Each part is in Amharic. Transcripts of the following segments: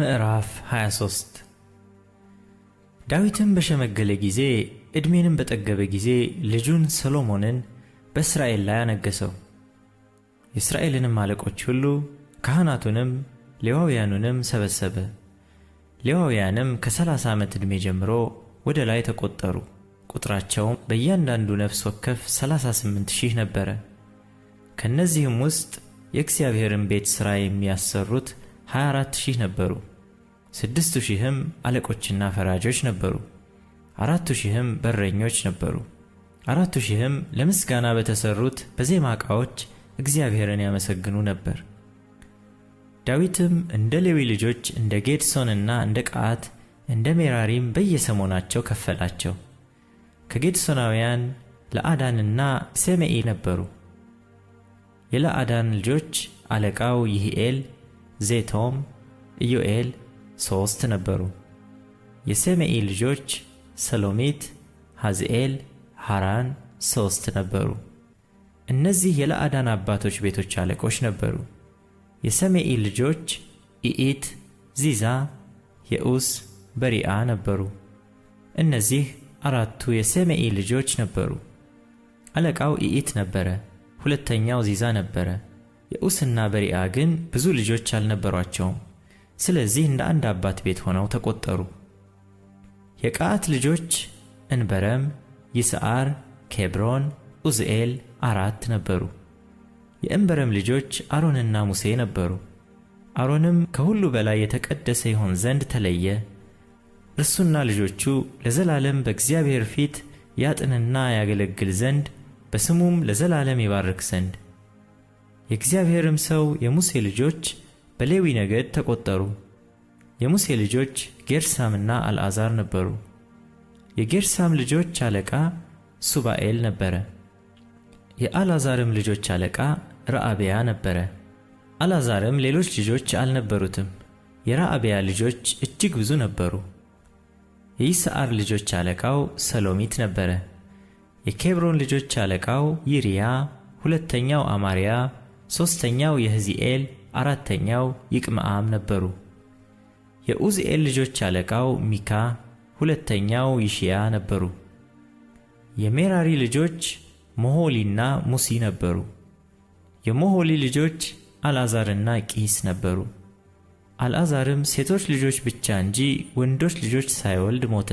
ምዕራፍ 23 ዳዊትም በሸመገለ ጊዜ ዕድሜንም በጠገበ ጊዜ ልጁን ሰሎሞንን በእስራኤል ላይ አነገሠው። የእስራኤልንም አለቆች ሁሉ ካህናቱንም ሌዋውያኑንም ሰበሰበ። ሌዋውያንም ከሰላሳ ዓመት ዕድሜ ጀምሮ ወደ ላይ ተቆጠሩ። ቁጥራቸውም በእያንዳንዱ ነፍስ ወከፍ ሰላሳ ስምንት ሺህ ነበረ። ከእነዚህም ውስጥ የእግዚአብሔርን ቤት ሥራ የሚያሰሩት 24 ሺህ ነበሩ። ስድስቱ ሺህም አለቆችና ፈራጆች ነበሩ። አራቱ ሺህም በረኞች ነበሩ። አራቱ ሺህም ለምስጋና በተሰሩት በዜማ ዕቃዎች እግዚአብሔርን ያመሰግኑ ነበር። ዳዊትም እንደ ሌዊ ልጆች እንደ ጌድሶንና እንደ ቀዓት እንደ ሜራሪም በየሰሞናቸው ከፈላቸው። ከጌድሶናውያን ለአዳንና ሰሜኢ ነበሩ። የለአዳን ልጆች አለቃው ይህኤል ዜቶም፣ ኢዮኤል ሦስት ነበሩ። የሰሜኢ ልጆች ሰሎሚት፣ ሐዝኤል፣ ሐራን ሦስት ነበሩ። እነዚህ የለአዳን አባቶች ቤቶች አለቆች ነበሩ። የሰሜኢ ልጆች ኢኢት፣ ዚዛ፣ የኡስ፣ በሪአ ነበሩ። እነዚህ አራቱ የሰሜኢ ልጆች ነበሩ። አለቃው ኢኢት ነበረ። ሁለተኛው ዚዛ ነበረ። የኡስና በሪአ ግን ብዙ ልጆች አልነበሯቸውም። ስለዚህ እንደ አንድ አባት ቤት ሆነው ተቆጠሩ። የቀዓት ልጆች እንበረም፣ ይስዓር፣ ኬብሮን፣ ኡዝኤል አራት ነበሩ። የእንበረም ልጆች አሮንና ሙሴ ነበሩ። አሮንም ከሁሉ በላይ የተቀደሰ ይሆን ዘንድ ተለየ። እርሱና ልጆቹ ለዘላለም በእግዚአብሔር ፊት ያጥንና ያገለግል ዘንድ በስሙም ለዘላለም ይባርክ ዘንድ የእግዚአብሔርም ሰው የሙሴ ልጆች በሌዊ ነገድ ተቆጠሩ። የሙሴ ልጆች ጌርሳምና አልዓዛር ነበሩ። የጌርሳም ልጆች አለቃ ሱባኤል ነበረ። የአልዓዛርም ልጆች አለቃ ረአብያ ነበረ። አልዓዛርም ሌሎች ልጆች አልነበሩትም። የረአብያ ልጆች እጅግ ብዙ ነበሩ። የይስዓር ልጆች አለቃው ሰሎሚት ነበረ። የኬብሮን ልጆች አለቃው ይሪያ፣ ሁለተኛው አማርያ፣ ሦስተኛው የሕዚኤል አራተኛው ይቅምዓም ነበሩ። የኡዝኤል ልጆች አለቃው ሚካ ሁለተኛው ይሽያ ነበሩ። የሜራሪ ልጆች ሞሆሊና ሙሲ ነበሩ። የሞሆሊ ልጆች አልዓዛርና ቂስ ነበሩ። አልዓዛርም ሴቶች ልጆች ብቻ እንጂ ወንዶች ልጆች ሳይወልድ ሞተ።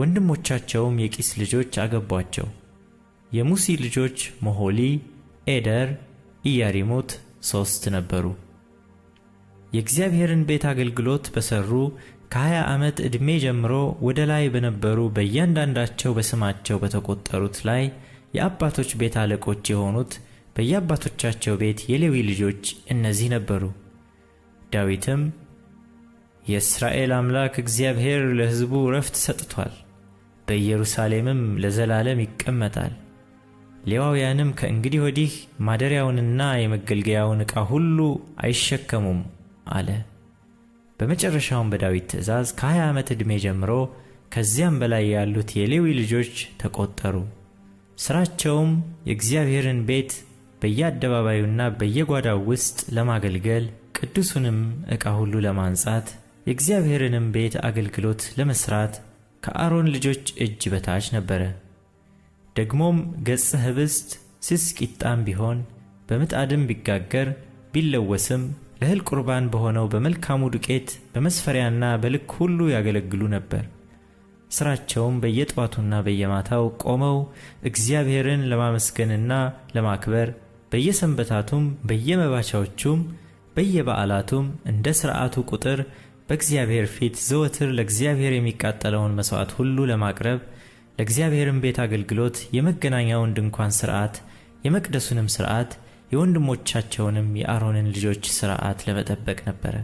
ወንድሞቻቸውም የቂስ ልጆች አገቧቸው። የሙሲ ልጆች ሞሆሊ፣ ኤደር፣ ኢያሪሙት ሦስት ነበሩ። የእግዚአብሔርን ቤት አገልግሎት በሠሩ ከ20 ዓመት ዕድሜ ጀምሮ ወደ ላይ በነበሩ በእያንዳንዳቸው በስማቸው በተቆጠሩት ላይ የአባቶች ቤት አለቆች የሆኑት በየአባቶቻቸው ቤት የሌዊ ልጆች እነዚህ ነበሩ። ዳዊትም የእስራኤል አምላክ እግዚአብሔር ለሕዝቡ ረፍት ሰጥቷል፣ በኢየሩሳሌምም ለዘላለም ይቀመጣል ሌዋውያንም ከእንግዲህ ወዲህ ማደሪያውንና የመገልገያውን ዕቃ ሁሉ አይሸከሙም አለ። በመጨረሻውም በዳዊት ትእዛዝ ከ20 ዓመት ዕድሜ ጀምሮ ከዚያም በላይ ያሉት የሌዊ ልጆች ተቆጠሩ። ሥራቸውም የእግዚአብሔርን ቤት በየአደባባዩና በየጓዳው ውስጥ ለማገልገል ቅዱሱንም ዕቃ ሁሉ ለማንጻት የእግዚአብሔርንም ቤት አገልግሎት ለመሥራት ከአሮን ልጆች እጅ በታች ነበረ። ደግሞም ገጸ ህብስት ስስ ቂጣም ቢሆን በምጣድም ቢጋገር ቢለወስም ለእህል ቁርባን በሆነው በመልካሙ ዱቄት በመስፈሪያና በልክ ሁሉ ያገለግሉ ነበር። ሥራቸውም በየጠዋቱና በየማታው ቆመው እግዚአብሔርን ለማመስገንና ለማክበር በየሰንበታቱም በየመባቻዎቹም በየበዓላቱም እንደ ሥርዓቱ ቁጥር በእግዚአብሔር ፊት ዘወትር ለእግዚአብሔር የሚቃጠለውን መሥዋዕት ሁሉ ለማቅረብ ለእግዚአብሔርም ቤት አገልግሎት የመገናኛውን ድንኳን ሥርዓት የመቅደሱንም ሥርዓት የወንድሞቻቸውንም የአሮንን ልጆች ሥርዓት ለመጠበቅ ነበረ።